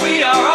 We are.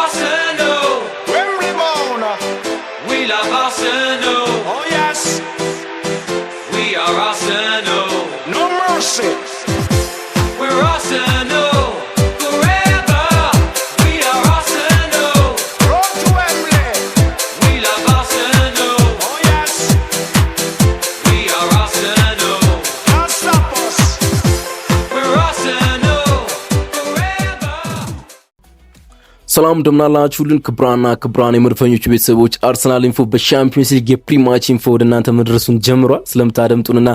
ሰላም ደምናላችሁልን ክብራና ክብራን የመድፈኞቹ ቤተሰቦች አርሰናል ኢንፎ በሻምፒዮንስ ሊግ የፕሪማች ኢንፎ ወደ እናንተ መድረሱን ጀምሯል። ስለምታደምጡንና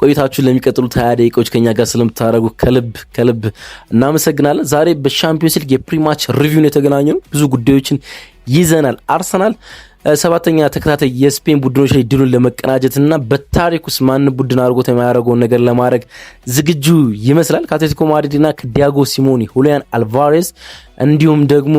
ቆይታችሁን ለሚቀጥሉት ሀያ ደቂቃዎች ከኛ ጋር ስለምታደረጉ ከልብ ከልብ እናመሰግናለን። ዛሬ በሻምፒዮንስ ሊግ የፕሪማች ሪቪውን የተገናኘ ነው። ብዙ ጉዳዮችን ይዘናል። አርሰናል ሰባተኛ ተከታታይ የስፔን ቡድኖች ላይ ድሉን ለመቀናጀትና በታሪክ ውስጥ ማን ቡድን አድርጎት የማያደርገውን ነገር ለማድረግ ዝግጁ ይመስላል። ከአትሌቲኮ ማድሪድና ከዲያጎ ሲሞኒ፣ ሁሊያን አልቫሬስ እንዲሁም ደግሞ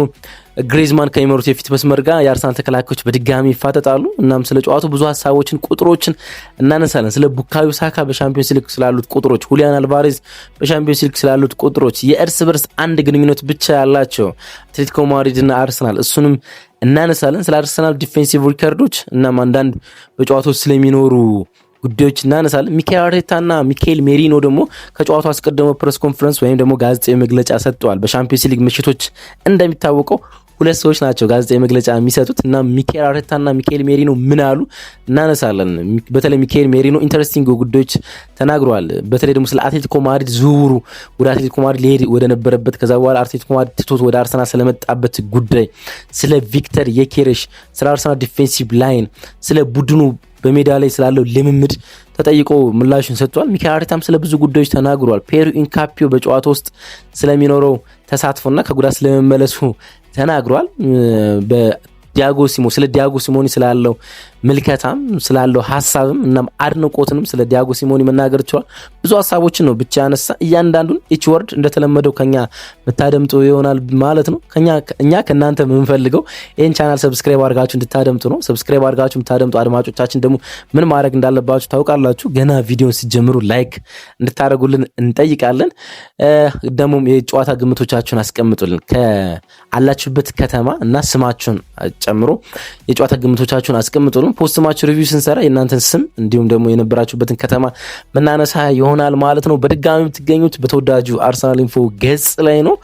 ግሬዝማን ከሚመሩት የፊት መስመር ጋር የአርሰናል ተከላካዮች በድጋሚ ይፋጠጣሉ። እናም ስለ ጨዋቱ ብዙ ሀሳቦችን፣ ቁጥሮችን እናነሳለን። ስለ ቡካዮ ሳካ በሻምፒዮንስ ሊግ ስላሉት ቁጥሮች፣ ሁሊያን አልቫሬዝ በሻምፒዮንስ ሊግ ስላሉት ቁጥሮች፣ የእርስ በርስ አንድ ግንኙነት ብቻ ያላቸው አትሌቲኮ ማድሪድና አርሰናል እሱንም እናነሳለን። ስለ አርሰናል ዲፌንሲቭ ሪከርዶች እናም አንዳንድ በጨዋታዎች ስለሚኖሩ ጉዳዮች እናነሳለን። ሚካኤል እና ሚካኤል ሜሪኖ ደግሞ ከጨዋታው አስቀድሞ ፕሬስ ኮንፈረንስ ወይም ደግሞ ጋዜጣዊ መግለጫ ሰጥተዋል። በሻምፒዮንስ ሊግ ምሽቶች እንደሚታወቀው ሁለት ሰዎች ናቸው ጋዜጣዊ መግለጫ የሚሰጡት እና ሚኬል አርቴታ እና ሚኬል ሜሪኖ ምን አሉ እናነሳለን። በተለይ ሚኬል ሜሪኖ ኢንተረስቲንግ ጉዳዮች ተናግረዋል። በተለይ ደግሞ ስለ አትሌቲኮ ማድሪድ ዝውውሩ ወደ አትሌቲኮ ማድሪድ ሊሄድ ወደነበረበት ከዛ በኋላ አትሌቲኮ ማድሪድ ትቶት ወደ አርሰናል ስለመጣበት ጉዳይ፣ ስለ ቪክተር የኬረሽ፣ ስለ አርሰናል ዲፌንሲቭ ላይን፣ ስለ ቡድኑ በሜዳ ላይ ስላለው ልምምድ ተጠይቆ ምላሹን ሰጥቷል። ሚኬል አርቴታም ስለ ብዙ ጉዳዮች ተናግሯል። ፔሩ ኢንካፒዮ በጨዋታ ውስጥ ስለሚኖረው ተሳትፎና ከጉዳት ስለመመለሱ ተናግሯል። በዲያጎ ሲሞ ስለ ዲያጎ ሲሞኒ ስላለው ምልከታም ስላለው ሀሳብም እናም አድንቆትንም ስለ ዲያጎ ሲሞኒ መናገር ችሏል። ብዙ ሀሳቦችን ነው ብቻ ያነሳ። እያንዳንዱን ኢች ወርድ እንደተለመደው ከኛ የምታደምጡ ይሆናል ማለት ነው። እኛ ከእናንተ የምንፈልገው ይህን ቻናል ሰብስክራይብ አድርጋችሁ እንድታደምጡ ነው። ሰብስክራይብ አድርጋችሁ የምታደምጡ አድማጮቻችን ደግሞ ምን ማድረግ እንዳለባችሁ ታውቃላችሁ። ገና ቪዲዮን ሲጀምሩ ላይክ እንድታደርጉልን እንጠይቃለን። ደግሞ የጨዋታ ግምቶቻችሁን አስቀምጡልን ከአላችሁበት ከተማ እና ስማችሁን ጨምሮ የጨዋታ ግምቶቻችሁን አስቀምጡልን። ደግሞ ፖስት ማች ሪቪው ስንሰራ የእናንተን ስም እንዲሁም ደግሞ የነበራችሁበትን ከተማ መናነሳ ይሆናል ማለት ነው። በድጋሚ የምትገኙት በተወዳጁ አርሰናል ኢንፎ ገጽ ላይ ነው።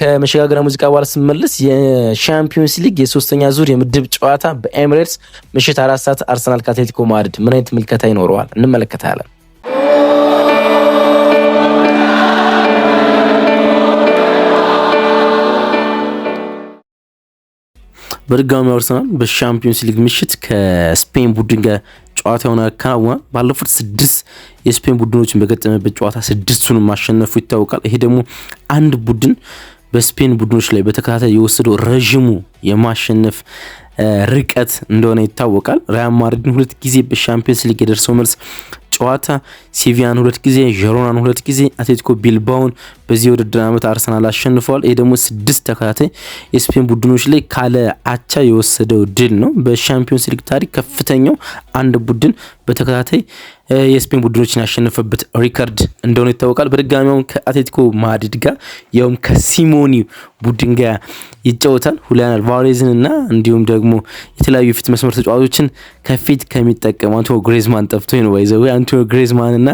ከመሸጋገሪያ ሙዚቃ በኋላ ስመልስ የሻምፒዮንስ ሊግ የሶስተኛ ዙር የምድብ ጨዋታ በኤምሬትስ ምሽት አራት ሰዓት አርሰናል ከአትሌቲኮ ማድሪድ ምን አይነት ምልከታ ይኖረዋል? እንመለከታለን። በድጋሚ አርሰናል በሻምፒዮንስ ሊግ ምሽት ከስፔን ቡድን ጋር ጨዋታውን ያከናውናል። ባለፉት ስድስት የስፔን ቡድኖችን በገጠመበት ጨዋታ ስድስቱን ማሸነፉ ይታወቃል። ይሄ ደግሞ አንድ ቡድን በስፔን ቡድኖች ላይ በተከታታይ የወሰደው ረዥሙ የማሸነፍ ርቀት እንደሆነ ይታወቃል። ሪያል ማድሪድን ሁለት ጊዜ በሻምፒዮንስ ሊግ የደርሰው መልስ ጨዋታ ሲቪያን ሁለት ጊዜ፣ ጀሮናን ሁለት ጊዜ፣ አትሌቲኮ ቢልባውን በዚህ ውድድር ዓመት አርሰናል አሸንፈዋል። ይህ ደግሞ ስድስት ተከታታይ የስፔን ቡድኖች ላይ ካለ አቻ የወሰደው ድል ነው። በሻምፒዮንስ ሊግ ታሪክ ከፍተኛው አንድ ቡድን በተከታታይ የስፔን ቡድኖችን ያሸነፈበት ሪከርድ እንደሆነ ይታወቃል። በድጋሚውም ከአትሌቲኮ ማድሪድ ጋር ያውም ከሲሞኒ ቡድን ጋር ይጫወታል። ሁሊያን አልቫሬዝን እና እንዲሁም ደግሞ የተለያዩ የፊት መስመር ተጫዋቾችን ከፊት ከሚጠቀሙ አንቶኒዮ ግሬዝማን ጠፍቶ ነው ይዘ አንቶኒዮ ግሬዝማን እና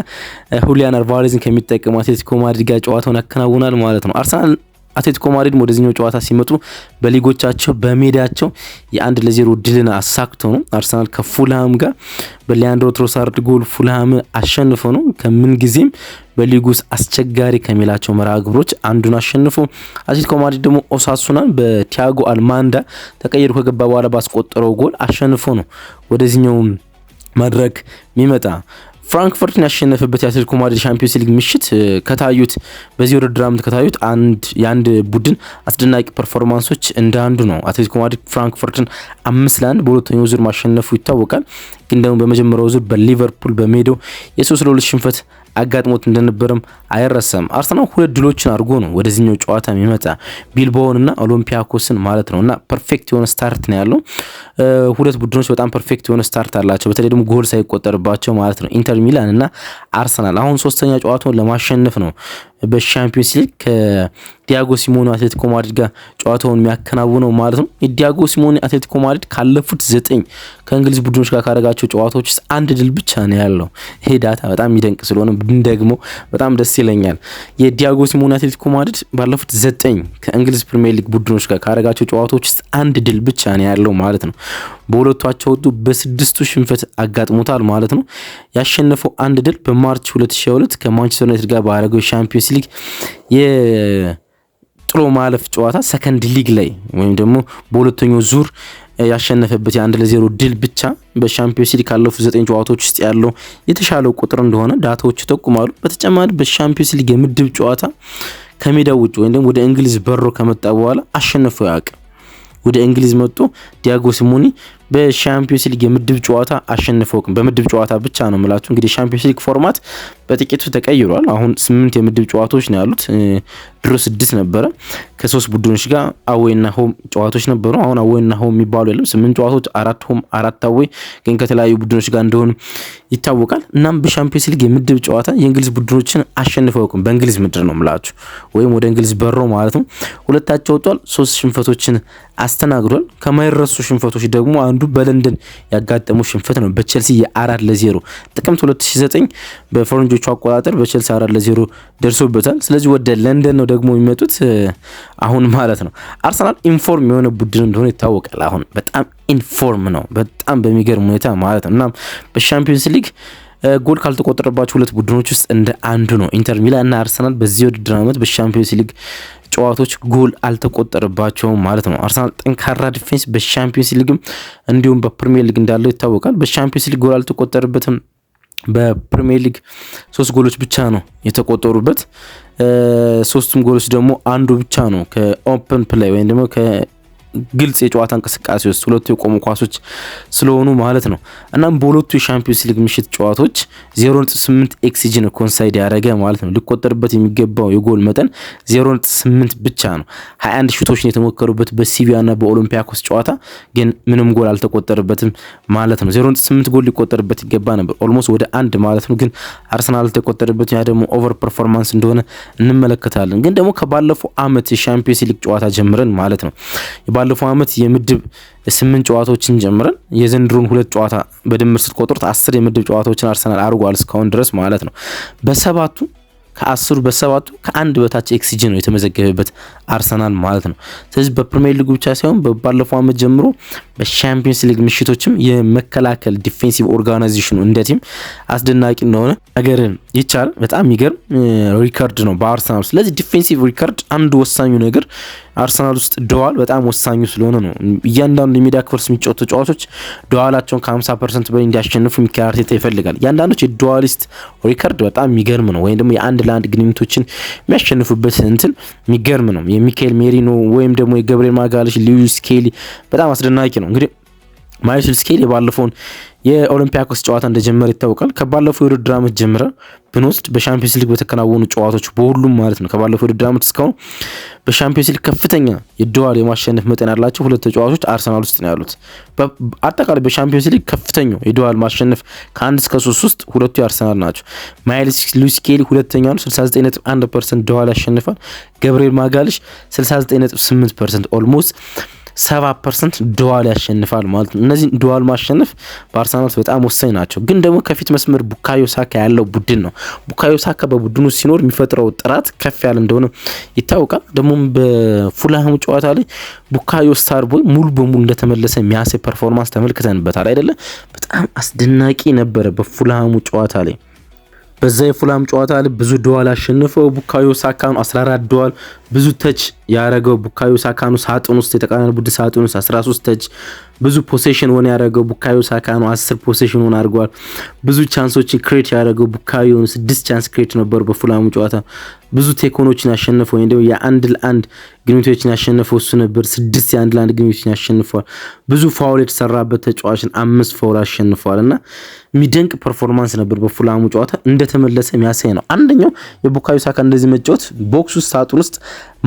ሁሊያን አልቫሬዝን ከሚጠቀሙ አትሌቲኮ ማድሪድ ጋር ጨዋታውን ያከናውናል ማለት ነው። አርሰናል አትሌቲኮ ማድሪድ ወደዚህኛው ጨዋታ ሲመጡ በሊጎቻቸው በሜዳቸው የአንድ ለዜሮ ድልን አሳክቶ ነው። አርሰናል ከፉልሃም ጋር በሊያንድሮ ትሮሳርድ ጎል ፉልሃም አሸንፎ ነው። ከምን ጊዜም በሊጉ ውስጥ አስቸጋሪ ከሚላቸው መርሃ ግብሮች አንዱን አሸንፎ፣ አትሌቲኮ ማድሪድ ደግሞ ኦሳሱናን በቲያጎ አልማንዳ ተቀይሮ ከገባ በኋላ ባስቆጠረው ጎል አሸንፎ ነው ወደዚህኛው መድረክ የሚመጣ ፍራንክፈርትን ያሸነፈበት የአትሌቲኮ ማድሪድ ሻምፒዮንስ ሊግ ምሽት ከታዩት በዚህ ውድድር ዓመት ከታዩት አንድ የአንድ ቡድን አስደናቂ ፐርፎርማንሶች እንደ አንዱ ነው። አትሌቲኮ ማድሪድ ፍራንክፈርትን አምስት ለአንድ በሁለተኛው ዙር ማሸነፉ ይታወቃል። ግን ደግሞ በመጀመሪያው ዙር በሊቨርፑል በሜዳው የሶስት ለሁለት ሽንፈት አጋጥሞት እንደነበረም አይረሳም። አርሰናል ሁለት ድሎችን አድርጎ ነው ወደዚህኛው ጨዋታ የሚመጣ እና ኦሎምፒያኮስን ማለት ነው እና ፐርፌክት የሆነ ስታርት ነው ያለው። ሁለት ቡድኖች በጣም ፐርፌክት የሆነ ስታርት አላቸው፣ በተለይ ደግሞ ጎል ሳይቆጠርባቸው ማለት ነው። ኢንተር ሚላን እና አርሰናል አሁን ሶስተኛ ጨዋታውን ለማሸነፍ ነው በሻምፒዮንስ ሊግ ከዲያጎ ሲሞኔ አትሌቲኮ ማድሪድ ጋር ጨዋታውን የሚያከናውነው ማለት ነው። የዲያጎ ሲሞኔ አትሌቲኮ ማድሪድ ካለፉት ዘጠኝ ከእንግሊዝ ቡድኖች ጋር ካደረጋቸው ጨዋታዎች ውስጥ አንድ ድል ብቻ ነው ያለው። ይሄ ዳታ በጣም የሚደንቅ ስለሆነ ደግሞ በጣም ደስ ይለኛል። የዲያጎ ሲሞኔ አትሌቲኮ ማድሪድ ባለፉት ዘጠኝ ከእንግሊዝ ፕሪሚየር ሊግ ቡድኖች ጋር ካደረጋቸው ጨዋታዎች ውስጥ አንድ ድል ብቻ ነው ያለው ማለት ነው። በሁለቱ አቻ በስድስቱ ሽንፈት አጋጥሞታል ማለት ነው። ያሸነፈው አንድ ድል በማርች 2022 ከማንቸስተር ዩናይትድ ጋር ባደረገው ሻምፒዮንስ ሊግ የጥሎ ማለፍ ጨዋታ ሰከንድ ሊግ ላይ ወይም ደግሞ በሁለተኛው ዙር ያሸነፈበት የአንድ ለዜሮ ድል ብቻ በሻምፒዮንስ ሊግ ካለፉ ዘጠኝ ጨዋታዎች ውስጥ ያለው የተሻለው ቁጥር እንደሆነ ዳታዎች ይጠቁማሉ። በተጨማሪ በሻምፒዮንስ ሊግ የምድብ ጨዋታ ከሜዳ ውጭ ወይም ደግሞ ወደ እንግሊዝ በሮ ከመጣ በኋላ አሸንፎ ያውቅ ወደ እንግሊዝ መጥቶ ዲያጎ ሲሞኒ በሻምፒዮንስ ሊግ የምድብ ጨዋታ አሸንፎ በምድብ ጨዋታ ብቻ ነው የምላችሁ። እንግዲህ ሻምፒዮንስ ሊግ ፎርማት በጥቂቱ ተቀይሯል። አሁን ስምንት የምድብ ጨዋታዎች ነው ያሉት። ድሮ ስድስት ነበረ ከሶስት ቡድኖች ጋር አዌይና ሆም ጨዋታዎች ነበሩ። አሁን አዌይና ሆም የሚባሉ የለም። ስምንት ጨዋታዎች አራት ሆም አራት አዌይ ግን ከተለያዩ ቡድኖች ጋር እንደሆኑ ይታወቃል። እናም በሻምፒዮንስ ሊግ የምድብ ጨዋታ የእንግሊዝ ቡድኖችን አሸንፈው በእንግሊዝ ምድር ነው ምላችሁ፣ ወይም ወደ እንግሊዝ በሮ ማለት ነው። ሁለታቸው ወጥቷል። ሶስት ሽንፈቶችን አስተናግዷል። ከማይረሱ ሽንፈቶች ደግሞ አንዱ በለንደን ያጋጠመው ሽንፈት ነው በቼልሲ የአራት ለዜሮ ጥቅምት 2009 በፈረንጆቹ አቆጣጠር በቼልሲ አራት ለዜሮ ደርሶበታል። ስለዚህ ወደ ለንደን ነው ደግሞ የሚመጡት አሁን ማለት ነው። አርሰናል ኢንፎርም የሆነ ቡድን እንደሆነ ይታወቃል። አሁን በጣም ኢንፎርም ነው፣ በጣም በሚገርም ሁኔታ ማለት ነው። እናም በሻምፒዮንስ ሊግ ጎል ካልተቆጠረባቸው ሁለት ቡድኖች ውስጥ እንደ አንዱ ነው። ኢንተር ሚላን እና አርሰናል በዚህ ውድድር ዓመት በሻምፒዮንስ ሊግ ጨዋታዎች ጎል አልተቆጠረባቸውም ማለት ነው። አርሰናል ጠንካራ ዲፌንስ በሻምፒዮንስ ሊግም እንዲሁም በፕሪሚየር ሊግ እንዳለው ይታወቃል። በሻምፒዮንስ ሊግ ጎል አልተቆጠረበትም። በፕሪሚየር ሊግ ሶስት ጎሎች ብቻ ነው የተቆጠሩበት። ሶስቱም ጎሎች ደግሞ አንዱ ብቻ ነው ከኦፕን ፕላይ ወይም ደግሞ ግልጽ የጨዋታ እንቅስቃሴ ውስጥ ሁለቱ የቆሙ ኳሶች ስለሆኑ ማለት ነው። እናም በሁለቱ የሻምፒዮንስ ሊግ ምሽት ጨዋታዎች 0.8 ኤክሲጅን ኮንሳይድ ያደረገ ማለት ነው። ሊቆጠርበት የሚገባው የጎል መጠን 0.8 ብቻ ነው። 21 ሹቶች የተሞከሩበት በሲቪያ በኦሎምፒያኮስ ጨዋታ ግን ምንም ጎል አልተቆጠርበትም ማለት ነው። 0.8 ጎል ሊቆጠርበት ይገባ ነበር፣ ኦልሞስት ወደ አንድ ማለት ነው። ግን አርሰናል ተቆጠርበት። ያ ደግሞ ኦቨር ፐርፎርማንስ እንደሆነ እንመለከታለን። ግን ደግሞ ከባለፈው አመት የሻምፒዮንስ ሊግ ጨዋታ ጀምረን ማለት ነው ባለፈው ዓመት የምድብ ስምንት ጨዋታዎችን ጀምረን የዘንድሮን ሁለት ጨዋታ በድምር ስትቆጥሩት አስር የምድብ ጨዋታዎችን አርሰናል አድርጓል እስካሁን ድረስ ማለት ነው። በሰባቱ ከአስሩ በሰባቱ ከአንድ በታች ኤክስጂ ነው የተመዘገበበት አርሰናል ማለት ነው። ስለዚህ በፕሪሚየር ሊግ ብቻ ሳይሆን ባለፈው ዓመት ጀምሮ በሻምፒዮንስ ሊግ ምሽቶችም የመከላከል ዲፌንሲቭ ኦርጋናይዜሽኑ እንደ ቲም አስደናቂ እንደሆነ ነገርን ይቻል በጣም የሚገርም ሪከርድ ነው በአርሰናል ስለዚህ ዲፌንሲቭ ሪከርድ አንዱ ወሳኙ ነገር አርሰናል ውስጥ ደዋል በጣም ወሳኙ ስለሆነ ነው። እያንዳንዱ የሜዳ ክፍል የሚጫወቱ ተጫዋቾች ደዋላቸውን ከ50 ፐርሰንት በላይ እንዲያሸንፉ ሚካኤል አርቴታ ይፈልጋል። እያንዳንዶች የደዋሊስት ሪከርድ በጣም የሚገርም ነው፣ ወይም ደግሞ የአንድ ለአንድ ግንኙነቶችን የሚያሸንፉበት እንትን የሚገርም ነው። የሚካኤል ሜሪኖ ወይም ደግሞ የገብርኤል ማጋለሽ ሉዊስ ስኬሊ በጣም አስደናቂ ነው እንግዲህ ማይልስ ስኬሊ የባለፈውን የኦሎምፒያኮስ ጨዋታ እንደጀመረ ይታወቃል። ከባለፈው የውድድር ዓመት ጀምረ ብንወስድ በሻምፒዮንስ ሊግ በተከናወኑ ጨዋታዎች በሁሉም ማለት ነው ከባለፈው የውድድር ዓመት እስካሁን በሻምፒዮንስ ሊግ ከፍተኛ የድዋል የማሸነፍ መጠን ያላቸው ሁለት ተጫዋቾች አርሰናል ውስጥ ነው ያሉት። አጠቃላይ በሻምፒዮንስ ሊግ ከፍተኛው የድዋል ማሸነፍ ከአንድ እስከ ሶስት ውስጥ ሁለቱ የአርሰናል ናቸው። ማይልስ ሉዊስ ስኬሊ ሁለተኛ ነው፣ 69.1 ፐርሰንት ድዋል ያሸንፋል። ገብርኤል ማጋልሽ 69.8 ፐርሰንት ኦልሞስት ሰባ ፐርሰንት ድዋል ያሸንፋል ማለት ነው። እነዚህ ድዋል ማሸነፍ በአርሰናል በጣም ወሳኝ ናቸው። ግን ደግሞ ከፊት መስመር ቡካዮ ሳካ ያለው ቡድን ነው። ቡካዮ ሳካ በቡድኑ ሲኖር የሚፈጥረው ጥራት ከፍ ያለ እንደሆነ ይታወቃል። ደግሞ በፉላሃሙ ጨዋታ ላይ ቡካዮ ስታር ቦይ ሙሉ በሙሉ እንደተመለሰ የሚያሳይ ፐርፎርማንስ ተመልክተንበታል አይደለ? በጣም አስደናቂ ነበረ በፉላሃሙ ጨዋታ ላይ በዛ የፉላም ጨዋታ ላይ ብዙ ድዋል አሸንፈው ቡካዮ ሳካን 14 ድዋል ብዙ ተች ያረገው ቡካዮ ሳካኑ ሳጥን ውስጥ የተቃራኒ ቡድን ሳጥን ውስጥ 13 ተች ብዙ ፖሴሽን ሆነ ያረገው ቡካዮ ሳካኑ 10 ፖሴሽን ሆነ አድርጓል። ብዙ ቻንሶችን ክሬት ያረገው ቡካዮ 6 ቻንስ ክሬት ነበሩ በፉላሙ ጨዋታ። ብዙ ቴኮኖችን ያሸነፈው ወይ ደግሞ የአንድ ለአንድ ግንኙነቶችን ያሸነፈው እሱ ነበር። 6 የአንድ ለአንድ ግንኙነቶችን ያሸንፈዋል። ብዙ ፋውል የተሰራበት ተጫዋችን አምስት ፋውል አሸንፈዋል እና የሚደንቅ ፐርፎርማንስ ነበር በፉላሙ ጨዋታ እንደተመለሰ የሚያሳይ ነው። አንደኛው የቡካዮ ሳካ እንደዚህ መጫወት ቦክስ ውስጥ ሳጥን ውስጥ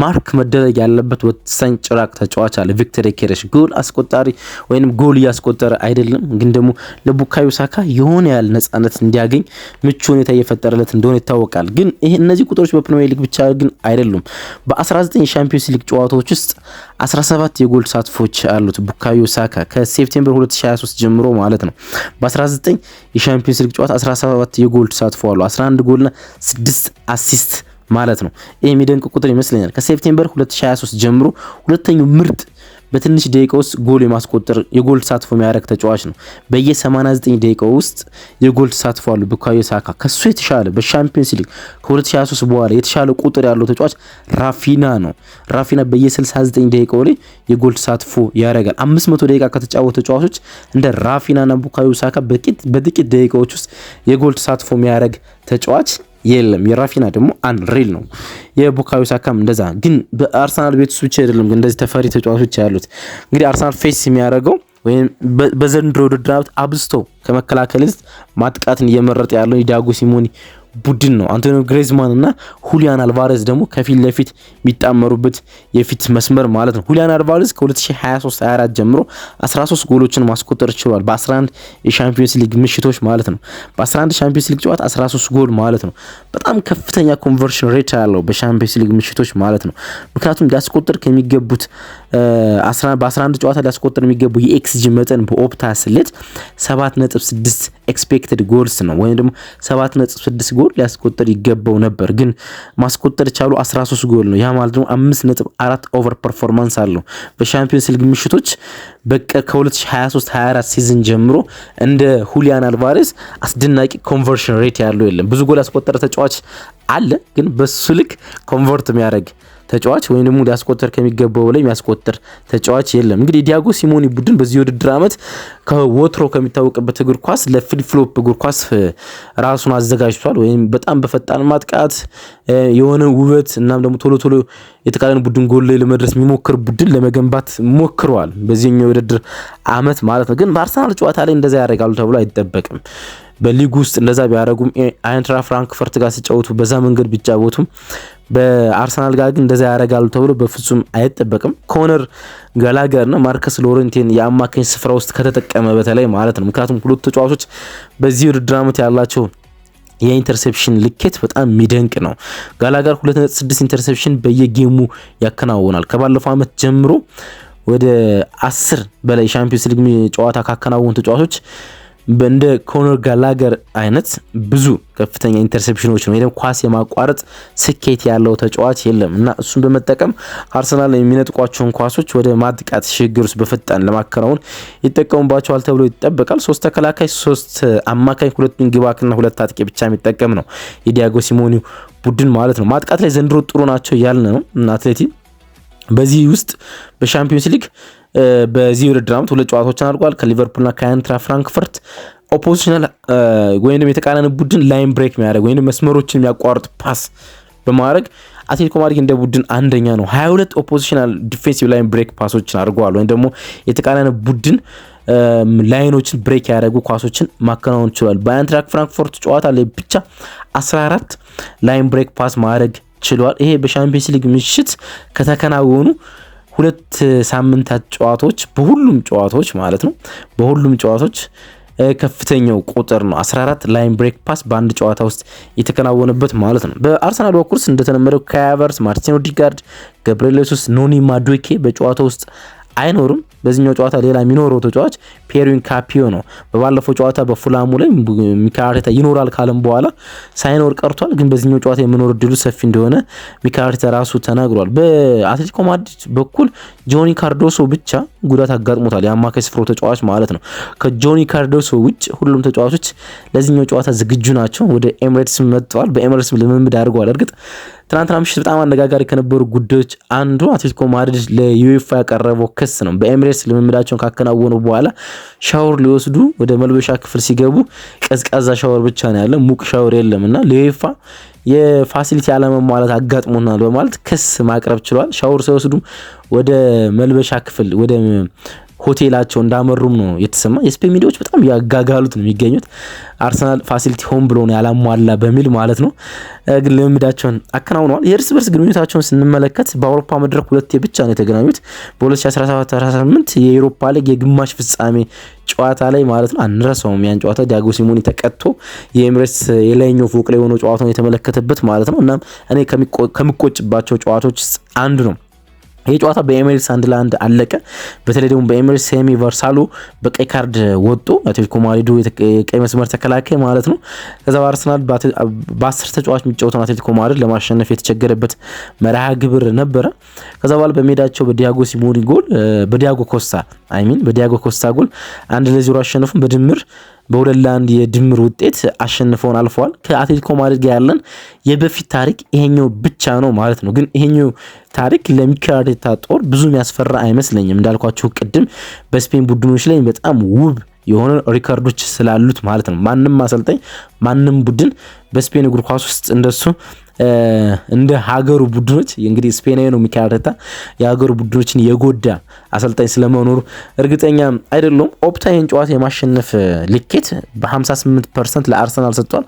ማርክ መደረግ ያለበት ወሳኝ ጭራቅ ተጫዋች አለ ቪክተር ኬረሽ። ጎል አስቆጣሪ ወይም ጎል እያስቆጠረ አይደለም፣ ግን ደግሞ ለቡካዮ ሳካ የሆነ ያህል ነጻነት እንዲያገኝ ምቹ ሁኔታ እየፈጠረለት እንደሆነ ይታወቃል። ግን ይሄ እነዚህ ቁጥሮች በፕሪሚየር ሊግ ብቻ ግን አይደሉም። በ19 ሻምፒዮንስ ሊግ ጨዋታዎች ውስጥ 17 የጎል ተሳትፎች አሉት ቡካዮ ሳካ ከሴፕቴምበር 2023 ጀምሮ ማለት ነው። በ19 የሻምፒዮንስ ሊግ ጨዋታ 17 የጎል ተሳትፎ አሉ 11 ጎልና 6 አሲስት ማለት ነው። ይህ የሚደንቅ ቁጥር ይመስለኛል። ከሴፕቴምበር 2023 ጀምሮ ሁለተኛው ምርጥ በትንሽ ደቂቃ ውስጥ ጎል የማስቆጠር የጎል ተሳትፎ የሚያደርግ ተጫዋች ነው። በየ89 ደቂቃ ውስጥ የጎል ተሳትፎ አሉ። ቡካዮ ሳካ ከሱ የተሻለ በሻምፒዮንስ ሊግ ከ2023 በኋላ የተሻለ ቁጥር ያለው ተጫዋች ራፊና ነው። ራፊና በየ69 ደቂቃው ላይ የጎል ተሳትፎ ያደርጋል። 500 ደቂቃ ከተጫወቱ ተጫዋቾች እንደ ራፊናና ቡካዮ ሳካ በጥቂት ደቂቃዎች ውስጥ የጎል ተሳትፎ የሚያደርግ ተጫዋች የለም። የራፊና ደግሞ አንሪል ነው። የቡካዮ ሳካም እንደዛ ግን በአርሰናል ቤት ውስጥ ብቻ አይደለም እንደዚህ ተፈሪ ተጫዋቾች ያሉት እንግዲህ አርሰናል ፌስ የሚያደርገው ወይም በዘንድሮ ውድድር አብዝቶ ከመከላከል ማጥቃትን እየመረጠ ያለው የዲያጎ ሲሞኒ ቡድን ነው። አንቶኒዮ ግሬዝማን እና ሁሊያን አልቫሬዝ ደግሞ ከፊት ለፊት የሚጣመሩበት የፊት መስመር ማለት ነው። ሁሊያን አልቫሬዝ ከ2023/24 ጀምሮ 13 ጎሎችን ማስቆጠር ችሏል። በ11 የሻምፒዮንስ ሊግ ምሽቶች ማለት ነው። በ11 ሻምፒዮንስ ሊግ ጨዋታ 13 ጎል ማለት ነው። በጣም ከፍተኛ ኮንቨርሽን ሬት ያለው በሻምፒዮንስ ሊግ ምሽቶች ማለት ነው። ምክንያቱም ሊያስቆጠር ከሚገቡት በ11 ጨዋታ ሊያስቆጥር የሚገቡ የኤክስጂ መጠን በኦፕታ ስሌት 7.6 ኤክስፔክትድ ጎልስ ነው ወይም ደግሞ 7.6 ጎል ሊያስቆጥር ይገባው ነበር፣ ግን ማስቆጠር ቻሉ 13 ጎል ነው። ያ ማለት ደግሞ 5.4 ኦቨር ፐርፎርማንስ አለው። በሻምፒዮንስ ሊግ ምሽቶች በቀ ከ2023/24 ሲዝን ጀምሮ እንደ ሁሊያን አልቫሬስ አስደናቂ ኮንቨርሽን ሬት ያለው የለም። ብዙ ጎል ያስቆጠረ ተጫዋች አለ፣ ግን በሱ ልክ ኮንቨርት የሚያደርግ ተጫዋች ወይም ደግሞ ሊያስቆጠር ከሚገባው በላይ የሚያስቆጥር ተጫዋች የለም። እንግዲህ ዲያጎ ሲሞኒ ቡድን በዚህ የውድድር ዓመት ከወትሮ ከሚታወቅበት እግር ኳስ ለፍሊፕሎፕ እግር ኳስ ራሱን አዘጋጅቷል። ወይም በጣም በፈጣን ማጥቃት የሆነ ውበት እናም ደግሞ ቶሎ ቶሎ የተቃራኒ ቡድን ጎል ላይ ለመድረስ የሚሞክር ቡድን ለመገንባት ሞክረዋል። በዚህኛው የውድድር ዓመት ማለት ነው። ግን በአርሰናል ጨዋታ ላይ እንደዛ ያደርጋሉ ተብሎ አይጠበቅም። በሊግ ውስጥ እንደዛ ቢያደረጉም አይንትራ ፍራንክፈርት ጋር ሲጫወቱ በዛ መንገድ ቢጫወቱም በአርሰናል ጋር ግን እንደዛ ያደርጋሉ ተብሎ በፍጹም አይጠበቅም። ኮነር ገላገርና ማርከስ ሎረንቴን የአማካኝ ስፍራ ውስጥ ከተጠቀመ በተለይ ማለት ነው። ምክንያቱም ሁለቱ ተጫዋቾች በዚህ ውድድር ያላቸው የኢንተርሴፕሽን ልኬት በጣም የሚደንቅ ነው። ጋላጋር 2.6 ኢንተርሴፕሽን በየጌሙ ያከናውናል። ከባለፈው ዓመት ጀምሮ ወደ አስር በላይ ሻምፒዮንስ ሊግ ጨዋታ ካከናወኑ ተጫዋቾች እንደ ኮኖር ጋላገር አይነት ብዙ ከፍተኛ ኢንተርሴፕሽኖች ወይ ደግሞ ኳስ የማቋረጥ ስኬት ያለው ተጫዋች የለም እና እሱን በመጠቀም አርሰናል የሚነጥቋቸውን ኳሶች ወደ ማጥቃት ሽግግር ውስጥ በፈጣን ለማከናወን ይጠቀሙባቸዋል ተብሎ ይጠበቃል። ሶስት ተከላካይ፣ ሶስት አማካኝ፣ ሁለቱን ግብ ሁለት አጥቂ ብቻ የሚጠቀም ነው የዲያጎ ሲሞኒው ቡድን ማለት ነው። ማጥቃት ላይ ዘንድሮ ጥሩ ናቸው ያልን ነው አትሌቲ በዚህ ውስጥ በሻምፒዮንስ ሊግ በዚህ ውድድር ዓመት ሁለት ጨዋታዎችን አድርጓል። ከሊቨርፑልና ከአንትራ ፍራንክፈርት ኦፖዚሽናል ወይም የተቃራኒ ቡድን ላይን ብሬክ የሚያደርግ ወይም መስመሮችን የሚያቋርጥ ፓስ በማድረግ አትሌቲኮ ማድሪድ እንደ ቡድን አንደኛ ነው። 22 ኦፖዚሽናል ዲፌንሲቭ ላይን ብሬክ ፓሶችን አድርገዋል። ወይም ደግሞ የተቃራኒ ቡድን ላይኖችን ብሬክ ያደረጉ ኳሶችን ማከናወን ችሏል። በአንትራክ ፍራንክፎርት ጨዋታ ላይ ብቻ 14 ላይን ብሬክ ፓስ ማድረግ ችሏል። ይሄ በሻምፒየንስ ሊግ ምሽት ከተከናወኑ ሁለት ሳምንታት ጨዋታዎች በሁሉም ጨዋታዎች ማለት ነው በሁሉም ጨዋታዎች ከፍተኛው ቁጥር ነው። 14 ላይን ብሬክ ፓስ በአንድ ጨዋታ ውስጥ የተከናወነበት ማለት ነው። በአርሰናል በኩልስ እንደተለመደው ካያቨርስ፣ ማርቲኖ ዲጋርድ፣ ገብርኤል ሱስ፣ ኖኒ ማዱኬ በጨዋታ ውስጥ አይኖርም። በዚህኛው ጨዋታ ሌላ የሚኖረው ተጫዋች ፔሪን ካፒዮ ነው። በባለፈው ጨዋታ በፉላሙ ላይ ሚካኤል አርቴታ ይኖራል ካለም በኋላ ሳይኖር ቀርቷል። ግን በዚህኛው ጨዋታ የመኖር እድሉ ሰፊ እንደሆነ ሚካኤል አርቴታ ራሱ ተናግሯል። በአትሌቲኮ ማድሪድ በኩል ጆኒ ካርዶሶ ብቻ ጉዳት አጋጥሞታል። የአማካይ ስፍራው ተጫዋች ማለት ነው። ከጆኒ ካርዶሶ ውጭ ሁሉም ተጫዋቾች ለዚህኛው ጨዋታ ዝግጁ ናቸው። ወደ ኤምሬትስ መጥተዋል። በኤምሬትስ ልምምድ አድርገዋል እርግጥ ትናንትና ምሽት በጣም አነጋጋሪ ከነበሩ ጉዳዮች አንዱ አትሌቲኮ ማድሪድ ለዩኤፋ ያቀረበው ክስ ነው። በኤምሬትስ ልምምዳቸውን ካከናወኑ በኋላ ሻወር ሊወስዱ ወደ መልበሻ ክፍል ሲገቡ ቀዝቃዛ ሻወር ብቻ ነው ያለ፣ ሙቅ ሻወር የለም እና ለዩኤፋ የፋሲሊቲ አለመሟላት አጋጥሞናል በማለት ክስ ማቅረብ ችሏል። ሻወር ሳይወስዱም ወደ መልበሻ ክፍል ወደ ሆቴላቸው እንዳመሩም ነው የተሰማ። የስፔን ሚዲያዎች በጣም ያጋጋሉት ነው የሚገኙት። አርሰናል ፋሲሊቲ ሆን ብሎ ነው ያላሟላ በሚል ማለት ነው ግን ልምምዳቸውን አከናውነዋል። የእርስ በርስ ግንኙነታቸውን ስንመለከት በአውሮፓ መድረክ ሁለቴ ብቻ ነው የተገናኙት። በ2017/18 የኤሮፓ ሊግ የግማሽ ፍጻሜ ጨዋታ ላይ ማለት ነው አንረሳውም። ያን ጨዋታ ዲያጎ ሲሞኒ ተቀጥቶ የኤምሬትስ የላይኛው ፎቅ ላይ የሆነው ጨዋታውን የተመለከተበት ማለት ነው። እናም እኔ ከሚቆጭባቸው ጨዋታዎች አንዱ ነው። ይህ ጨዋታ በኤሜሬትስ አንድ ለአንድ አለቀ። በተለይ ደግሞ በኤሜሬትስ ሴሚ ቨርሳሉ በቀይ ካርድ ወጡ። አትሌቲኮ ማድሪዱ የቀይ መስመር ተከላካይ ማለት ነው። ከዛ በአርሰናል በአስር ተጫዋች የሚጫወተውን አትሌቲኮ ማድሪድ ለማሸነፍ የተቸገረበት መርሃ ግብር ነበረ። ከዛ በኋላ በሜዳቸው በዲያጎ ሲሞኒ ጎል በዲያጎ ኮስታ አይሚን በዲያጎ ኮስታ ጎል አንድ ለዜሮ አሸነፉን በድምር በሁለት ለአንድ የድምር ውጤት አሸንፈውን አልፈዋል። ከአትሌቲኮ ማድሪድ ጋር ያለን የበፊት ታሪክ ይሄኛው ብቻ ነው ማለት ነው። ግን ይሄኛው ታሪክ ለሚኬል አርቴታ ጦር ብዙ የሚያስፈራ አይመስለኝም። እንዳልኳችሁ ቅድም በስፔን ቡድኖች ላይ በጣም ውብ የሆነ ሪከርዶች ስላሉት ማለት ነው። ማንም አሰልጣኝ ማንም ቡድን በስፔን እግር ኳስ ውስጥ እንደሱ እንደ ሀገሩ ቡድኖች እንግዲህ ስፔናዊ ነው ሚካኤል አርቴታ የሀገሩ ቡድኖችን የጎዳ አሰልጣኝ ስለመኖሩ እርግጠኛ አይደለም። ኦፕታ ይህን ጨዋታ የማሸነፍ ልኬት በ58 ፐርሰንት ለአርሰናል ሰጥቷል።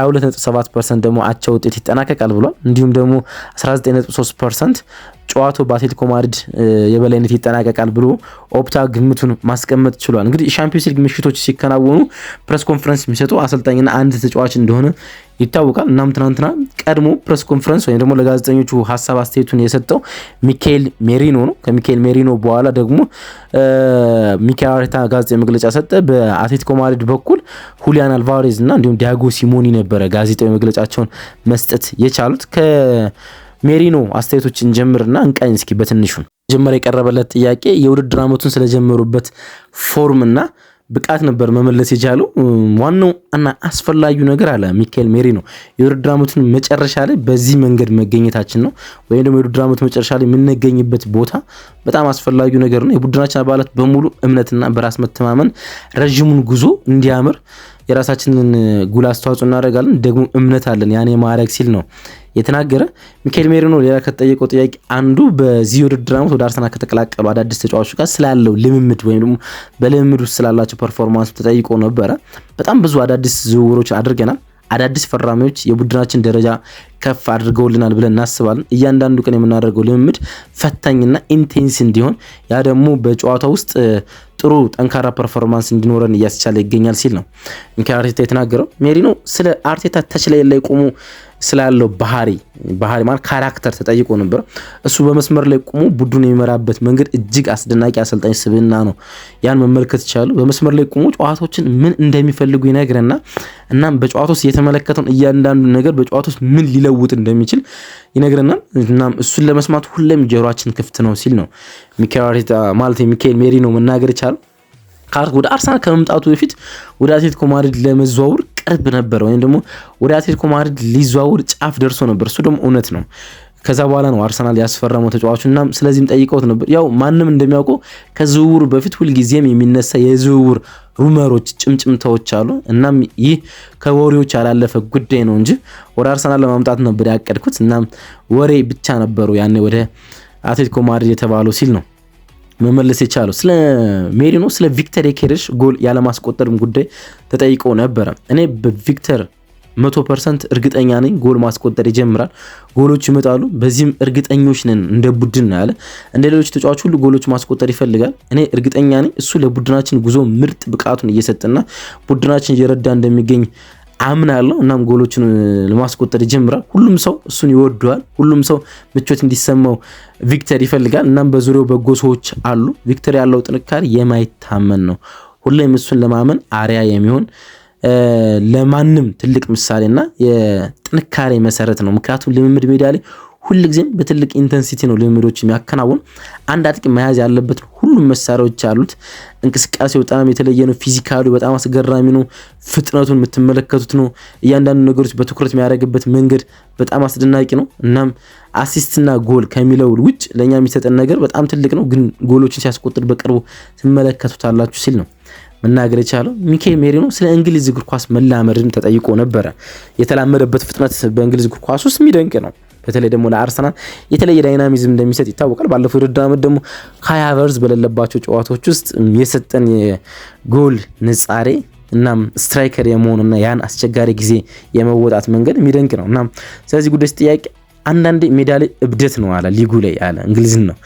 22.7 ፐርሰንት ደግሞ አቻ ውጤት ይጠናቀቃል ብሏል። እንዲሁም ደግሞ 19.3 ፐርሰንት ጨዋታው በአትሌቲኮ ማድሪድ የበላይነት ይጠናቀቃል ብሎ ኦፕታ ግምቱን ማስቀመጥ ችሏል። እንግዲህ ሻምፒዮንስ ሊግ ምሽቶች ሲከናወኑ ፕሬስ ኮንፈረንስ የሚሰጡ አሰልጣኝና አንድ ተጫዋች እንደሆነ ይታወቃል። እናም ትናንትና ቀድሞ ፕሬስ ኮንፈረንስ ወይም ደግሞ ለጋዜጠኞቹ ሀሳብ አስተያየቱን የሰጠው ሚካኤል ሜሪኖ ነው። ከሚካኤል ሜሪኖ በኋላ ደግሞ ሚካኤል አርቴታ ጋዜጣዊ መግለጫ ሰጠ። በአትሌቲኮ ማድሪድ በኩል ሁሊያን አልቫሬዝ እና እንዲሁም ዲያጎ ሲሞኒ ነበረ ጋዜጣዊ መግለጫቸውን መስጠት የቻሉት ከ ሜሪኖ አስተያየቶችን ጀምርና እንቃኝ እስኪ በትንሹ መጀመሪያ የቀረበለት ጥያቄ የውድድር ዓመቱን ስለጀመሩበት ፎርምና ብቃት ነበር መመለስ የቻለው። ዋናው እና አስፈላጊው ነገር አለ ሚካኤል ሜሪኖ የውድድር ዓመቱን መጨረሻ ላይ በዚህ መንገድ መገኘታችን ነው፣ ወይም ደግሞ የውድድር ዓመቱ መጨረሻ ላይ የምንገኝበት ቦታ በጣም አስፈላጊ ነገር ነው። የቡድናችን አባላት በሙሉ እምነትና በራስ መተማመን ረዥሙን ጉዞ እንዲያምር የራሳችንን ጉል አስተዋጽኦ እናደርጋለን፣ ደግሞ እምነት አለን ያኔ ማድረግ ሲል ነው የተናገረ። ሚካኤል ሜሪኖ ሌላ ከተጠየቀው ጥያቄ አንዱ በዚህ ውድድር ዓመት ወደ አርሰናል ከተቀላቀሉ አዳዲስ ተጫዋቾች ጋር ስላለው ልምምድ ወይም ደግሞ በልምምድ ውስጥ ስላላቸው ፐርፎርማንስ ተጠይቆ ነበረ። በጣም ብዙ አዳዲስ ዝውውሮች አድርገናል። አዳዲስ ፈራሚዎች የቡድናችን ደረጃ ከፍ አድርገውልናል ብለን እናስባለን። እያንዳንዱ ቀን የምናደርገው ልምምድ ፈታኝና ኢንቴንስ እንዲሆን ያ ደግሞ በጨዋታ ውስጥ ጥሩ ጠንካራ ፐርፎርማንስ እንዲኖረን እያስቻለ ይገኛል ሲል ነው ሚካኤል አርቴታ የተናገረው። ሜሪኖ ስለ አርቴታ ተች ላይ ላይ ቆሙ ስላለው ባህሪ ባህሪ ማለት ካራክተር ተጠይቆ ነበር። እሱ በመስመር ላይ ቆሞ ቡድኑን የሚመራበት መንገድ እጅግ አስደናቂ አሰልጣኝ ስብዕና ነው። ያን መመልከት ይቻሉ። በመስመር ላይ ቆሞ ጨዋታዎችን ምን እንደሚፈልጉ ይነግረና እናም በጨዋታ ውስጥ የተመለከተውን እያንዳንዱ ነገር በጨዋታ ውስጥ ምን ሊለውጥ እንደሚችል ይነግረናል። እናም እሱን ለመስማት ሁሌም ጆሮአችን ክፍት ነው ሲል ነው ሚካኤል ማለት ሚካኤል ሜሪ ነው መናገር ይቻላል። ወደ አርሰናል ከመምጣቱ በፊት ወደ አትሌቲኮ ማድሪድ ለመዘዋወር ቅርብ ነበር፣ ወይም ደግሞ ወደ አትሌቲኮ ማድሪድ ሊዘዋወር ጫፍ ደርሶ ነበር። እሱ ደግሞ እውነት ነው። ከዛ በኋላ ነው አርሰናል ያስፈረመው ተጫዋቹ። እናም ስለዚህም ጠይቀውት ነበር። ያው ማንም እንደሚያውቀው ከዝውውሩ በፊት ሁልጊዜም የሚነሳ የዝውውር ሩመሮች፣ ጭምጭምታዎች አሉ። እናም ይህ ከወሬዎች ያላለፈ ጉዳይ ነው እንጂ ወደ አርሰናል ለማምጣት ነበር ያቀድኩት። እናም ወሬ ብቻ ነበሩ ያኔ ወደ አትሌቲኮ ማድሪድ የተባለው ሲል ነው መመለስ የቻለው። ስለ ሜሪኖ ስለ ቪክተር የኬሬሽ ጎል ያለማስቆጠርም ጉዳይ ተጠይቆ ነበረ። እኔ በቪክተር መቶ ፐርሰንት እርግጠኛ ነኝ ጎል ማስቆጠር ይጀምራል። ጎሎች ይመጣሉ። በዚህም እርግጠኞች ነን እንደ ቡድን ያለ እንደ ሌሎች ተጫዋች ሁሉ ጎሎች ማስቆጠር ይፈልጋል። እኔ እርግጠኛ ነኝ እሱ ለቡድናችን ጉዞ ምርጥ ብቃቱን እየሰጠና ቡድናችን እየረዳ እንደሚገኝ አምናለሁ። እናም ጎሎችን ለማስቆጠር ይጀምራል። ሁሉም ሰው እሱን ይወደዋል። ሁሉም ሰው ምቾት እንዲሰማው ቪክተር ይፈልጋል። እናም በዙሪያው በጎ ሰዎች አሉ። ቪክተር ያለው ጥንካሬ የማይታመን ነው። ሁሌም እሱን ለማመን አሪያ የሚሆን ለማንም ትልቅ ምሳሌና የጥንካሬ መሰረት ነው። ምክንያቱም ልምምድ ሜዳ ላይ ሁልጊዜም በትልቅ ኢንተንሲቲ ነው ልምምዶች የሚያከናውን። አንድ አጥቂ መያዝ ያለበት ሁሉም መሳሪያዎች አሉት። እንቅስቃሴው በጣም የተለየ ነው። ፊዚካሉ በጣም አስገራሚ ነው። ፍጥነቱን የምትመለከቱት ነው። እያንዳንዱ ነገሮች በትኩረት የሚያደርግበት መንገድ በጣም አስደናቂ ነው። እናም አሲስትና ጎል ከሚለው ውጭ ለእኛ የሚሰጠን ነገር በጣም ትልቅ ነው፣ ግን ጎሎችን ሲያስቆጥር በቅርቡ ትመለከቱታላችሁ ሲል ነው መናገር የቻለው ሚካኤል ሜሪኖ ስለ እንግሊዝ እግር ኳስ መላመድም ተጠይቆ ነበረ። የተላመደበት ፍጥነት በእንግሊዝ እግር ኳስ ውስጥ የሚደንቅ ነው። በተለይ ደግሞ ለአርሰናል የተለየ ዳይናሚዝም እንደሚሰጥ ይታወቃል። ባለፈው የውድድር ዓመት ደግሞ ከሀያ ቨርዝ በሌለባቸው ጨዋታዎች ውስጥ የሰጠን የጎል ንጻሬ እናም ስትራይከር የመሆኑና ያን አስቸጋሪ ጊዜ የመወጣት መንገድ የሚደንቅ ነው። እናም ስለዚህ ጉዳይ ጥያቄ አንዳንዴ ሜዳ ላይ እብደት ነው አለ ሊጉ ላይ አለ እንግሊዝን ነው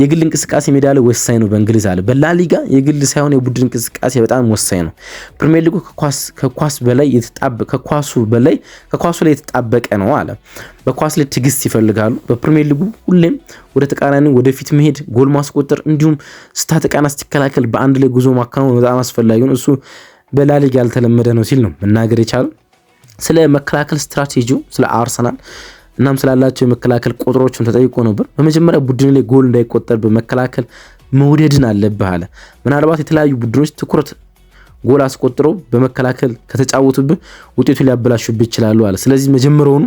የግል እንቅስቃሴ ሜዳ ላይ ወሳኝ ነው በእንግሊዝ አለ በላሊጋ የግል ሳይሆን የቡድን እንቅስቃሴ በጣም ወሳኝ ነው ፕሪሚየር ሊጉ ከኳስ በላይ ከኳሱ በላይ ከኳሱ ላይ የተጣበቀ ነው አለ በኳስ ላይ ትግስት ይፈልጋሉ በፕሪሚየር ሊጉ ሁሌም ወደ ተቃራኒ ወደፊት መሄድ ጎል ማስቆጠር እንዲሁም ስታጠቃና ስትከላከል በአንድ ላይ ጉዞ ማከናወን በጣም አስፈላጊ ነው እሱ በላሊጋ ያልተለመደ ነው ሲል ነው መናገር የቻለው ስለ መከላከል ስትራቴጂው ስለ አርሰናል እናም ስላላቸው የመከላከል ቁጥሮችን ተጠይቆ ነበር። በመጀመሪያ ቡድን ላይ ጎል እንዳይቆጠር በመከላከል መውደድን አለብህ አለ። ምናልባት የተለያዩ ቡድኖች ትኩረት ጎል አስቆጥረው በመከላከል ከተጫወቱብህ ውጤቱ ሊያበላሹብህ ይችላሉ አለ። ስለዚህ መጀመሪያውኑ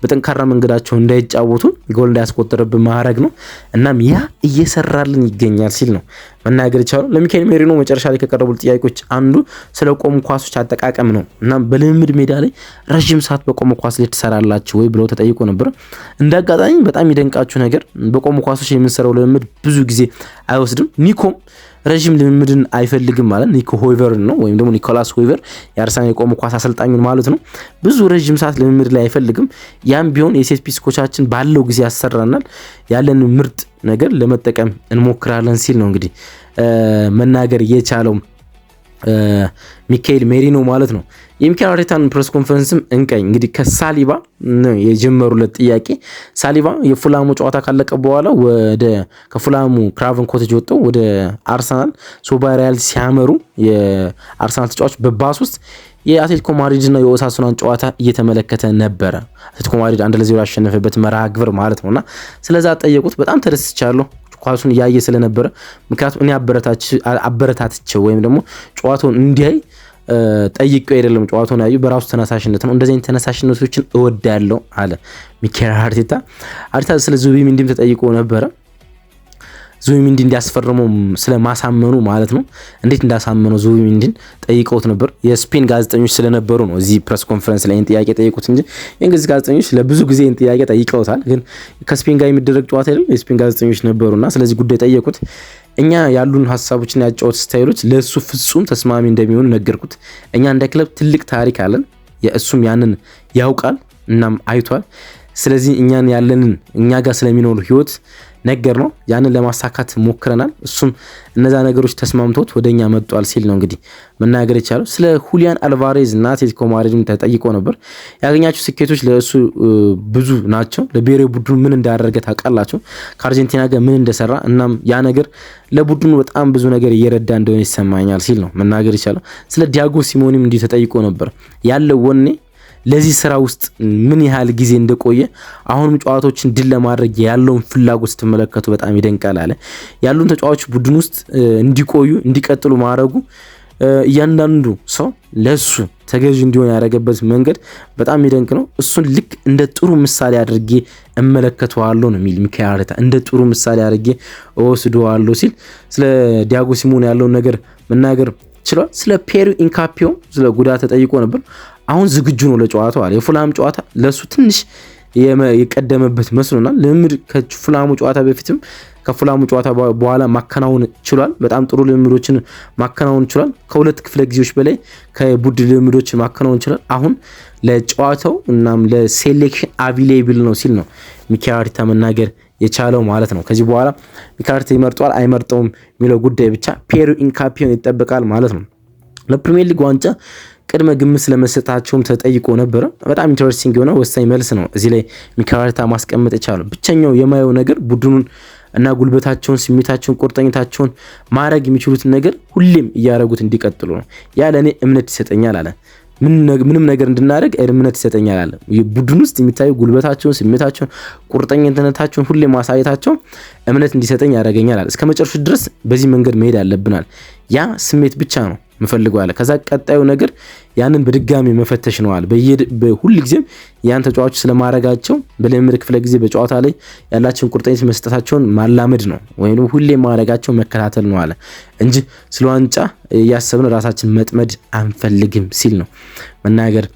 በጠንካራ መንገዳቸው እንዳይጫወቱ ጎል እንዳያስቆጥርብህ ማድረግ ነው። እናም ያ እየሰራልን ይገኛል ሲል ነው መናገር ይቻሉ። ለሚካኤል ሜሪኖ መጨረሻ ላይ ከቀረቡት ጥያቄዎች አንዱ ስለ ቆሙ ኳሶች አጠቃቀም ነው። እናም በልምምድ ሜዳ ላይ ረዥም ሰዓት በቆሙ ኳስ ላይ ትሰራላችሁ ወይ ብለው ተጠይቆ ነበር። እንደ አጋጣሚ በጣም ይደንቃችሁ ነገር በቆሙ ኳሶች የምንሰራው ልምምድ ብዙ ጊዜ አይወስድም። ኒኮም ረዥም ልምምድን አይፈልግም ማለት ኒኮ ሆይቨርን ነው ወይም ደግሞ ኒኮላስ ሆይቨር የአርሰናል የቆመ ኳስ አሰልጣኙን ማለት ነው። ብዙ ረዥም ሰዓት ልምምድ ላይ አይፈልግም። ያም ቢሆን የሴት ፒስኮቻችን ባለው ጊዜ ያሰራናል፣ ያለን ምርጥ ነገር ለመጠቀም እንሞክራለን ሲል ነው እንግዲህ መናገር የቻለው። ሚካኤል ሜሪኖ ማለት ነው። የሚካኤል አርቴታን ፕሬስ ኮንፈረንስም እንቀኝ። እንግዲህ ከሳሊባ የጀመሩለት ጥያቄ ሳሊባ የፉላሙ ጨዋታ ካለቀ በኋላ ወደ ከፉላሙ ክራቨን ኮቴጅ ወጥተው ወደ አርሰናል ሶባሪያል ሲያመሩ የአርሰናል ተጫዋች በባስ ውስጥ የአትሌቲኮ ማድሪድ እና የኦሳሱናን ጨዋታ እየተመለከተ ነበረ። አትሌቲኮ ማድሪድ አንድ ለዜሮ ያሸነፈበት መርሃ ግብር ማለት ነውና ስለዛ ጠየቁት። በጣም ተደስቻለሁ ኳሱን እያየ ስለነበረ ምክንያቱም እኔ አበረታትቸው ወይም ደግሞ ጨዋታውን እንዲያይ ጠይቀው አይደለም። ጨዋታውን ያዩ በራሱ ተነሳሽነት ነው። እንደዚህ አይነት ተነሳሽነቶችን እወዳለው አለ ሚኬል አርቴታ። አርቴታ ስለ ዙቢሜንዲም ተጠይቆ ነበረ። ዙቢሜንዲ እንዲያስፈርመው ስለማሳመኑ ማለት ነው። እንዴት እንዳሳመነው ዙቢሜንዲን ጠይቀውት ነበር። የስፔን ጋዜጠኞች ስለነበሩ ነው እዚህ ፕሬስ ኮንፈረንስ ላይ ጥያቄ ጠይቁት እንጂ የእንግሊዝ ጋዜጠኞች ለብዙ ጊዜ ጥያቄ ጠይቀውታል። ግን ከስፔን ጋር የሚደረግ ጨዋታ አይደለም። የስፔን ጋዜጠኞች ነበሩና ስለዚህ ጉዳይ ጠየቁት። እኛ ያሉን ሀሳቦችና ያጫወት ስታይሎች ለእሱ ፍጹም ተስማሚ እንደሚሆኑ ነገርኩት። እኛ እንደ ክለብ ትልቅ ታሪክ አለን። የእሱም ያንን ያውቃል እናም አይቷል። ስለዚህ እኛን ያለንን እኛ ጋር ስለሚኖሩ ህይወት ነገር ነው። ያንን ለማሳካት ሞክረናል። እሱም እነዛ ነገሮች ተስማምቶት ወደኛ መጧል ሲል ነው እንግዲህ መናገር የቻለው። ስለ ሁሊያን አልቫሬዝ እና አትሌቲኮ ማድሪድም ተጠይቆ ነበር። ያገኛቸው ስኬቶች ለእሱ ብዙ ናቸው። ለብሔራዊ ቡድኑ ምን እንዳደረገ ታውቃላቸው፣ ከአርጀንቲና ጋር ምን እንደሰራ እናም ያ ነገር ለቡድኑ በጣም ብዙ ነገር እየረዳ እንደሆነ ይሰማኛል ሲል ነው መናገር የቻለው። ስለ ዲያጎ ሲሞኒም እንዲህ ተጠይቆ ነበር ያለው ወኔ ለዚህ ስራ ውስጥ ምን ያህል ጊዜ እንደቆየ አሁንም ጨዋታዎችን ድል ለማድረግ ያለውን ፍላጎት ስትመለከቱ በጣም ይደንቃል አለ። ያሉን ተጫዋቾች ቡድን ውስጥ እንዲቆዩ እንዲቀጥሉ ማድረጉ እያንዳንዱ ሰው ለሱ ተገዥ እንዲሆን ያደረገበት መንገድ በጣም የሚደንቅ ነው። እሱን ልክ እንደ ጥሩ ምሳሌ አድርጌ እመለከተዋለሁ ነው የሚል ሚካኤል አርቴታ። እንደ ጥሩ ምሳሌ አድርጌ እወስደዋለሁ ሲል ስለ ዲያጎ ሲሞን ያለውን ነገር መናገር ችሏል። ስለ ፔሩ ኢንካፒዮ ስለ ጉዳት ተጠይቆ ነበር። አሁን ዝግጁ ነው ለጨዋታው አለ። የፉላም ጨዋታ ለእሱ ትንሽ የቀደመበት መስሎናል። ልምድ ከፉላሙ ጨዋታ በፊትም ከፉላሙ ጨዋታ በኋላ ማከናወን ችሏል። በጣም ጥሩ ልምዶችን ማከናወን ችሏል። ከሁለት ክፍለ ጊዜዎች በላይ ከቡድን ልምዶችን ማከናወን ችሏል። አሁን ለጨዋታው እናም ለሴሌክሽን አቪሌብል ነው ሲል ነው ሚኬል አርቴታ መናገር የቻለው ማለት ነው። ከዚህ በኋላ ሚኬል አርቴታ ይመርጠዋል አይመርጠውም የሚለው ጉዳይ ብቻ ፔሩ ኢንካፒዮን ይጠበቃል ማለት ነው። ለፕሪሚየር ሊግ ዋንጫ ቅድመ ግምት ስለመሰጣቸውም ተጠይቆ ነበረ። በጣም ኢንተረስቲንግ የሆነ ወሳኝ መልስ ነው እዚህ ላይ ሚካኤል አርቴታ ማስቀመጥ የቻለው። ብቸኛው የማየው ነገር ቡድኑን እና ጉልበታቸውን፣ ስሜታቸውን፣ ቁርጠኝታቸውን ማድረግ የሚችሉትን ነገር ሁሌም እያደረጉት እንዲቀጥሉ ነው። ያ ለእኔ እምነት ይሰጠኛል አለ። ምንም ነገር እንድናደርግ እምነት ይሰጠኛል አለ። ቡድን ውስጥ የሚታዩ ጉልበታቸውን፣ ስሜታቸውን፣ ቁርጠኝነታቸውን ሁሌ ማሳየታቸው እምነት እንዲሰጠኝ ያደረገኛል አለ። እስከ መጨረሻ ድረስ በዚህ መንገድ መሄድ አለብናል። ያ ስሜት ብቻ ነው ምፈልገው አለ። ከዛ ቀጣዩ ነገር ያንን በድጋሚ መፈተሽ ነው አለ። ሁል ጊዜም ያን ተጫዋቾች ስለማድረጋቸው በልምምድ ክፍለ ጊዜ በጨዋታ ላይ ያላቸውን ቁርጠኝነት መስጠታቸውን ማላመድ ነው ወይም ሁሌ ማድረጋቸው መከታተል ነው አለ እንጂ ስለ ዋንጫ እያሰብን ራሳችን መጥመድ አንፈልግም ሲል ነው መናገር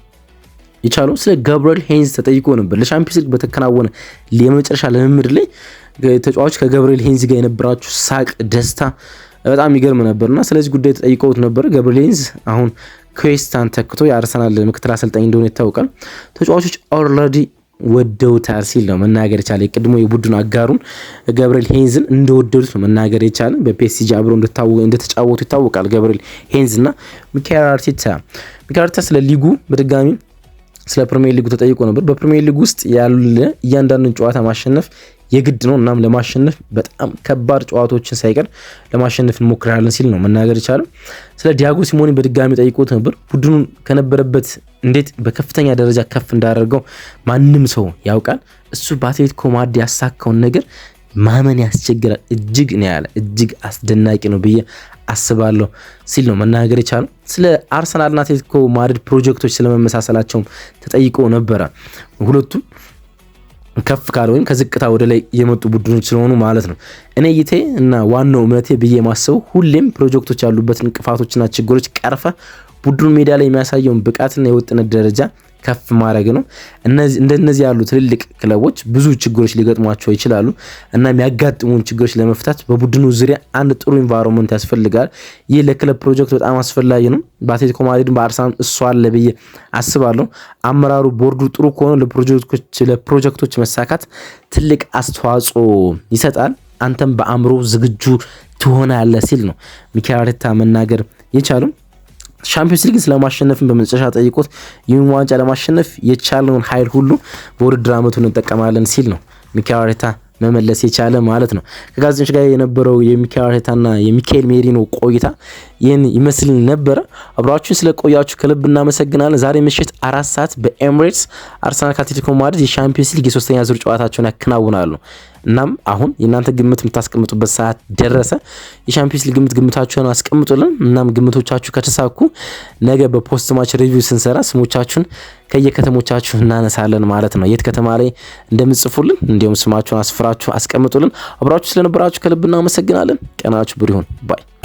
ይቻሉ ስለ ገብርኤል ሄንዝ ተጠይቆ ነበር። ለሻምፒዮንስ ሊግ በተከናወነ የመጨረሻ ልምምድ ላይ ተጫዋች ከገብርኤል ሄንዝ ጋር የነበራችሁ ሳቅ፣ ደስታ በጣም ይገርም ነበርና ስለዚህ ጉዳይ ተጠይቀውት ነበር። ገብርሌንዝ አሁን ኩዌስታን ተክቶ የአርሰናል ምክትል አሰልጣኝ እንደሆነ ይታወቃል። ተጫዋቾች ኦልሬዲ ወደውታል ሲል ነው መናገር የቻለ የቀድሞ የቡድን አጋሩን ገብርኤል ሄንዝን እንደወደዱት ነው መናገር የቻለ። በፒኤስጂ አብረው እንደተጫወቱ ይታወቃል። ገብርኤል ሄንዝ እና ሚካኤል አርቴታ ሚካኤል አርቴታ ስለ ሊጉ በድጋሚ ስለ ፕሪሚየር ሊጉ ተጠይቆ ነበር። በፕሪሚየር ሊግ ውስጥ ያለ እያንዳንዱን ጨዋታ ማሸነፍ የግድ ነው። እናም ለማሸነፍ በጣም ከባድ ጨዋታዎችን ሳይቀር ለማሸነፍ እንሞክራለን ሲል ነው መናገር የቻለው። ስለ ዲያጎ ሲሞኔ በድጋሚ ጠይቆት ነበር። ቡድኑን ከነበረበት እንዴት በከፍተኛ ደረጃ ከፍ እንዳደረገው ማንም ሰው ያውቃል። እሱ በአትሌቲኮ ማድ ያሳካውን ነገር ማመን ያስቸግራል። እጅግ ነው ያለ እጅግ አስደናቂ ነው ብዬ አስባለሁ ሲል ነው መናገር የቻለው። ስለ አርሰናልና አትሌቲኮ ማድሪድ ፕሮጀክቶች ስለመመሳሰላቸውም ተጠይቆ ነበረ ሁለቱም ከፍ ካለ ወይም ከዝቅታ ወደ ላይ የመጡ ቡድኖች ስለሆኑ ማለት ነው። እኔ እይቴ እና ዋናው እምነቴ ብዬ ማሰበው ሁሌም ፕሮጀክቶች ያሉበትን እንቅፋቶችና ችግሮች ቀርፈ ቡድኑ ሜዳ ላይ የሚያሳየውን ብቃትና የወጥነት ደረጃ ከፍ ማድረግ ነው። እንደነዚህ ያሉ ትልልቅ ክለቦች ብዙ ችግሮች ሊገጥሟቸው ይችላሉ እና የሚያጋጥሙን ችግሮች ለመፍታት በቡድኑ ዙሪያ አንድ ጥሩ ኢንቫይሮንመንት ያስፈልጋል። ይህ ለክለብ ፕሮጀክት በጣም አስፈላጊ ነው። በአትሌቲኮ ማድሪድ በአርሳን እሱ አለ ብዬ አስባለሁ። አመራሩ፣ ቦርዱ ጥሩ ከሆነ ለፕሮጀክቶች መሳካት ትልቅ አስተዋጽኦ ይሰጣል። አንተም በአእምሮ ዝግጁ ትሆናለህ ሲል ነው ሚኬል አርቴታ መናገር የቻሉም ሻምፒዮንስ ሊግን ስለማሸነፍን በመጨረሻ ጠይቆት ይህን ዋንጫ ለማሸነፍ የቻለውን ኃይል ሁሉ በውድድር ዓመቱ እንጠቀማለን ሲል ነው ሚካኤል አርቴታ መመለስ የቻለ ማለት ነው። ከጋዜጠኞች ጋር የነበረው የሚካኤል አርቴታና የሚካኤል ሜሪኖ ቆይታ ይህን ይመስል ነበረ። አብራችሁን ስለቆያችሁ ከልብ እናመሰግናለን። ዛሬ ምሽት አራት ሰዓት በኤምሬትስ አርሰናል ከአትሌቲኮ ማድሪድ የሻምፒዮንስ ሊግ የሶስተኛ ዙር ጨዋታቸውን ያከናውናሉ። እናም አሁን የእናንተ ግምት የምታስቀምጡበት ሰዓት ደረሰ። የሻምፒዮንስ ሊግ ግምት ግምታችሁን አስቀምጡልን። እናም ግምቶቻችሁ ከተሳኩ ነገ በፖስት ማች ሪቪው ስንሰራ ስሞቻችሁን ከየከተሞቻችሁ እናነሳለን ማለት ነው። የት ከተማ ላይ እንደምጽፉልን እንዲሁም ስማችሁን አስፍራችሁ አስቀምጡልን። አብራችሁ ስለነበራችሁ ከልብ እናመሰግናለን። ቀናችሁ ብሩህ ይሁን ባይ